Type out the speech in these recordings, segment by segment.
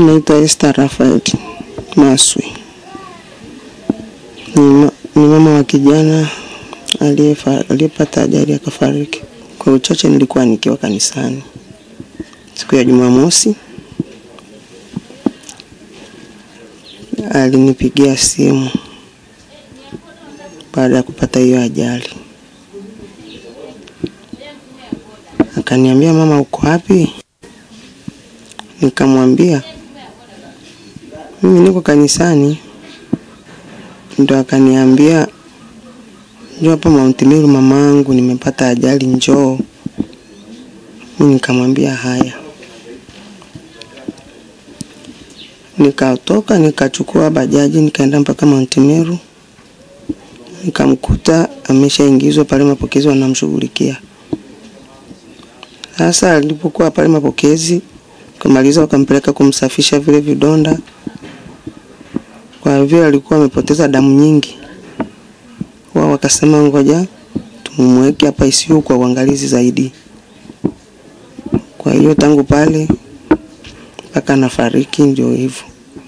Naitwa Esther Rafael Maswi, ni mama wa kijana aliyepata ajali akafariki. Kwa uchache, nilikuwa nikiwa kanisani siku ya Jumamosi, alinipigia simu baada ya kupata hiyo ajali, akaniambia, mama, uko wapi? Nikamwambia mimi niko kanisani, ndo akaniambia njoo hapa Mount Meru, mamangu nimepata ajali, njoo. Mimi nikamwambia haya, nikatoka nikachukua bajaji nikaenda mpaka Mount Meru, nikamkuta ameshaingizwa pale mapokezi, wanamshughulikia. Sasa alipokuwa pale mapokezi, kamaliza wakampeleka kumsafisha vile vidonda vile alikuwa amepoteza damu nyingi, wao wakasema ngoja tumweke hapa ICU kwa uangalizi zaidi. Kwa hiyo tangu pale mpaka anafariki ndio hivyo.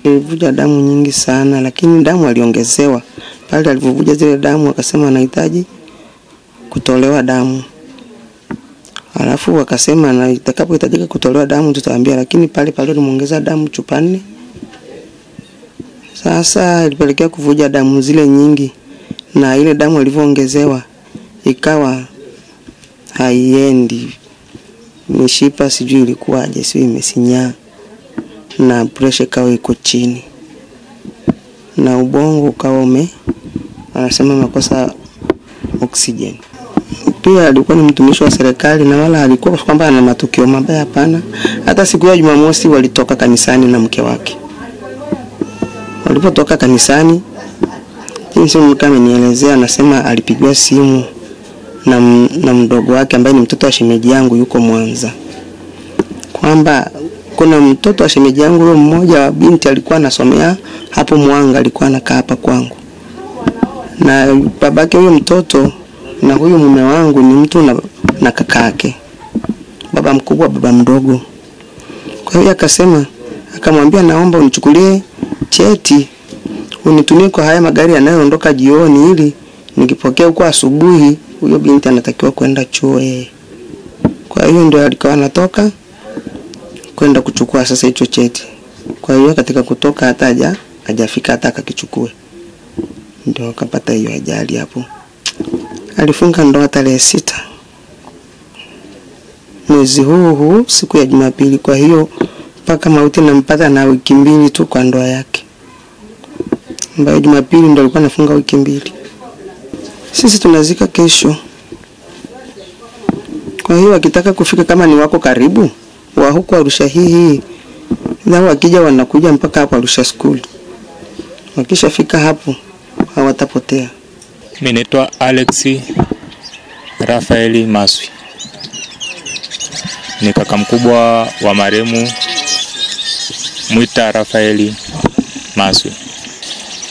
alivuja damu nyingi sana, lakini damu aliongezewa pale alivyovuja zile damu, akasema anahitaji kutolewa damu alafu wakasema na itakapohitajika kutolewa damu tutaambia, lakini pale pale nimeongeza damu chupa nne sasa ilipelekea kuvuja damu zile nyingi, na ile damu ilivyoongezewa ikawa haiendi mishipa, sijui ilikuwaje, sijui imesinyaa, na presha ikawa iko chini, na ubongo ukawa ume, anasema makosa oxygen. pia alikuwa ni mtumishi wa serikali na wala alikuwa kwamba ana matukio mabaya, hapana. Hata siku ya Jumamosi walitoka kanisani na mke wake. Alipotoka kanisani, jinsi mtu amenielezea, anasema alipigiwa simu na, na mdogo wake ambaye ni mtoto wa shemeji yangu yuko Mwanza, kwamba kuna mtoto wa shemeji yangu huyo mmoja wa binti alikuwa anasomea hapo Mwanga, alikuwa anakaa hapa kwangu, na babake huyo mtoto na huyu mume wangu ni mtu na, na kakake, baba mkubwa, baba mdogo. Kwa hiyo akasema, akamwambia naomba unichukulie cheti unitumie kwa haya magari yanayoondoka jioni, ili nikipokea huko asubuhi, huyo binti anatakiwa kwenda chuo yeye. Eh. Kwa hiyo ndio alikuwa anatoka kwenda kuchukua sasa hicho cheti. Kwa hiyo katika kutoka hata haja hajafika hata akakichukue, ndio akapata hiyo ajali hapo. Alifunga ndoa tarehe sita mwezi huu huu siku ya Jumapili. Kwa hiyo mpaka mauti nampata na wiki mbili tu kwa ndoa yake ambayo Jumapili ndo alikuwa anafunga wiki mbili. Sisi tunazika kesho, kwa hiyo wakitaka kufika, kama ni wako karibu wa huko Arusha hii hii, nao wakija wanakuja mpaka hapo Arusha School. Wakishafika hapo hawatapotea. Mimi naitwa Alexi Rafaeli Maswi, ni kaka mkubwa wa marehemu Mwita Rafaeli Maswi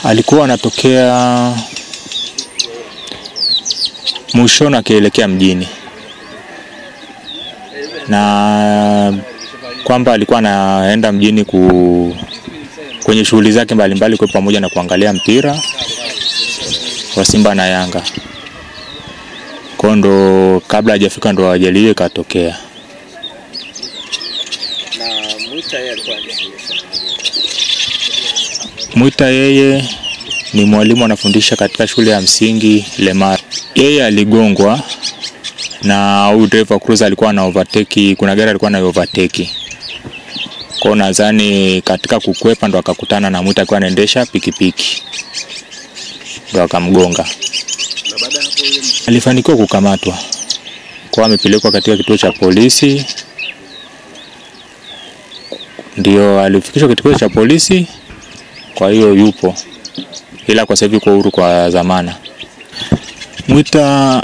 alikuwa anatokea mwishoni akielekea mjini na kwamba alikuwa anaenda mjini ku, kwenye shughuli zake mbalimbali kwa pamoja na kuangalia mpira wa Simba na Yanga. Kwa ndo kabla hajafika ndo ajali hiyo ikatokea. Mwita yeye ni mwalimu anafundisha katika shule ya msingi Lemar. Yeye aligongwa na huyu dereva cruiser, alikuwa na overtake, kuna gari alikuwa na overtake Kwa Nadhani katika kukwepa ndo akakutana na Mwita akiwa anaendesha pikipiki, ndo akamgonga. Alifanikiwa kukamatwa kwa, amepelekwa katika kituo cha polisi, ndio alifikishwa kituo cha polisi kwa hiyo yupo, ila kwa sasa hivi kwa huru kwa zamana. Mwita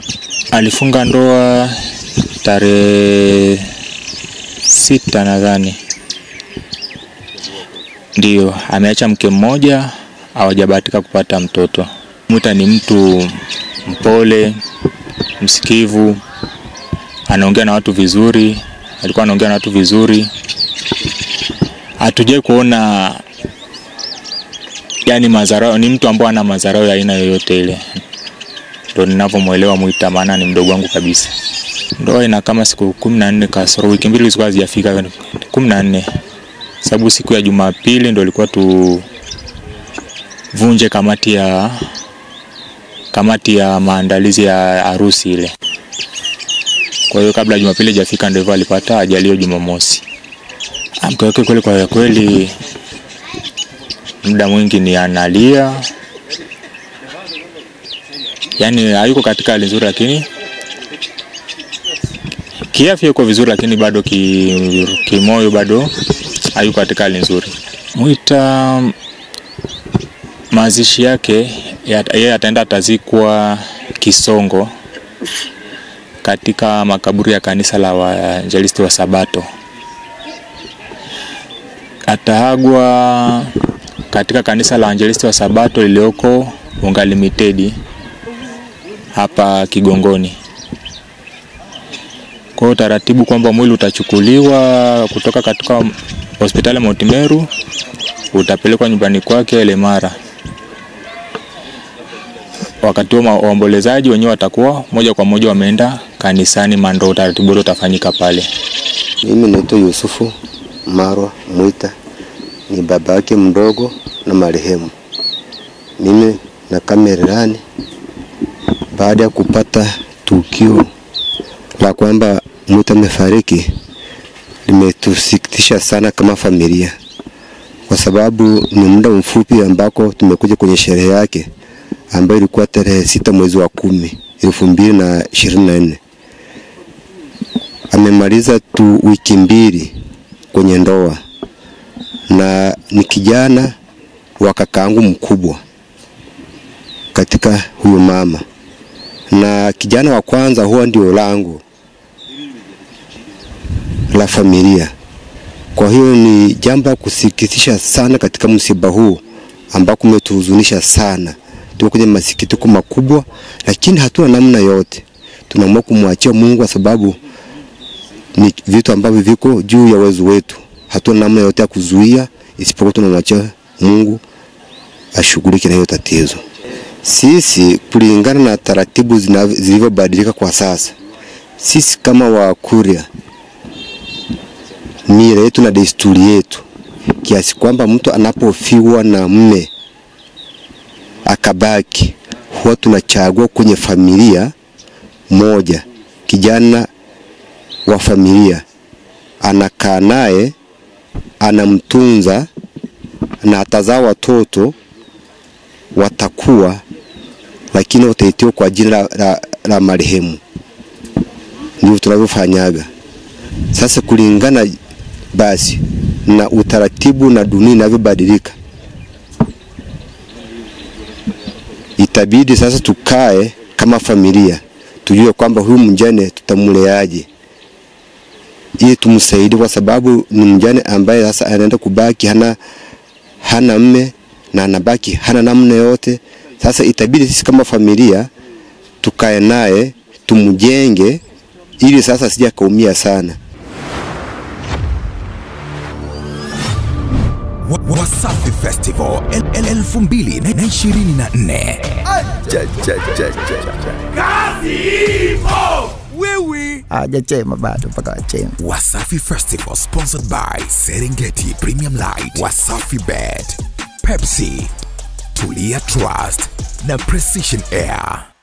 alifunga ndoa tarehe sita nadhani, ndio ameacha mke mmoja, hawajabahatika kupata mtoto. Mwita ni mtu mpole, msikivu, anaongea na watu vizuri, alikuwa anaongea na watu vizuri. Hatujai kuona yani mazarao, ni mtu ambaye ana madharau ya aina yoyote ile, ndo ninavyomwelewa Mwita, maana ni mdogo wangu kabisa. Ndoa ina kama siku kumi na nne kasoro wiki mbili zikuwa hazijafika kumi na nne sababu siku ya Jumapili ndo ilikuwa tuvunje kamati ya kamati ya maandalizi ya harusi ile. Kwa hiyo kabla Jumapili hajafika ndio alipata ajali hiyo Jumamosi. Ah, mke wake kweli kwa kweli muda mwingi ni analia, yani hayuko katika hali nzuri, lakini kiafya yuko vizuri, lakini bado ki, kimoyo bado hayuko katika hali nzuri. Mwita um, mazishi yake yeye ataenda atazikwa Kisongo katika makaburi ya kanisa la wainjilisti wa Sabato. Ataagwa katika kanisa la Wainjilisti wa Sabato lilioko Unga Limited hapa Kigongoni. Kwa utaratibu kwamba mwili utachukuliwa kutoka katika hospitali Mount Meru utapelekwa nyumbani kwake elemara Wakati wa waombolezaji wenyewe watakuwa moja kwa moja wameenda kanisani mando utaratibu wote utafanyika pale. Mimi naitwa Yusufu Marwa Mwita ni baba yake mdogo na marehemu. Mimi na Kamerani, baada ya kupata tukio la kwamba mtu amefariki, limetusikitisha sana kama familia, kwa sababu ni muda mfupi ambako tumekuja kwenye sherehe yake ambayo ilikuwa tarehe sita mwezi wa kumi elfu mbili na ishirini na nne. Amemaliza tu wiki mbili kwenye ndoa na ni kijana wa kakaangu mkubwa katika huyo mama, na kijana wa kwanza huwa ndio langu la familia. Kwa hiyo ni jambo la kusikitisha sana katika msiba huu ambako umetuhuzunisha sana. Tuko kwenye masikitiko makubwa, lakini hatuna namna yote, tunaamua kumwachia Mungu kwa sababu ni vitu ambavyo viko juu ya uwezo wetu hatuna namna yote ya kuzuia, isipokuwa tunamwacha Mungu ashughulike na hiyo tatizo. Sisi kulingana na taratibu zilivyobadilika kwa sasa, sisi kama Wakurya mila yetu na desturi yetu, kiasi kwamba mtu anapofiwa na mme akabaki, huwa tunachagua kwenye familia moja kijana wa familia anakaa naye anamtunza na atazaa watoto watakuwa, lakini wataitiwa kwa jina la, la, la marehemu. Ndio tunavyofanyaga sasa, kulingana basi na utaratibu na dunia inavyobadilika, itabidi sasa tukae kama familia, tujue kwamba huyu mjane tutamuleaje ili tumsaidie, kwa sababu ni mjane ambaye sasa anaenda kubaki hana, hana mme na anabaki hana namna yote. Sasa itabidi sisi kama familia tukae naye tumjenge, ili sasa sija kaumia sana. Wasafi Festival 2024 kazi ipo! wewe hawajachema bado mpaka wachema. Wasafi Festival sponsored by Serengeti Premium Light, Wasafi Bed, Pepsi, Tulia Trust na Precision Air.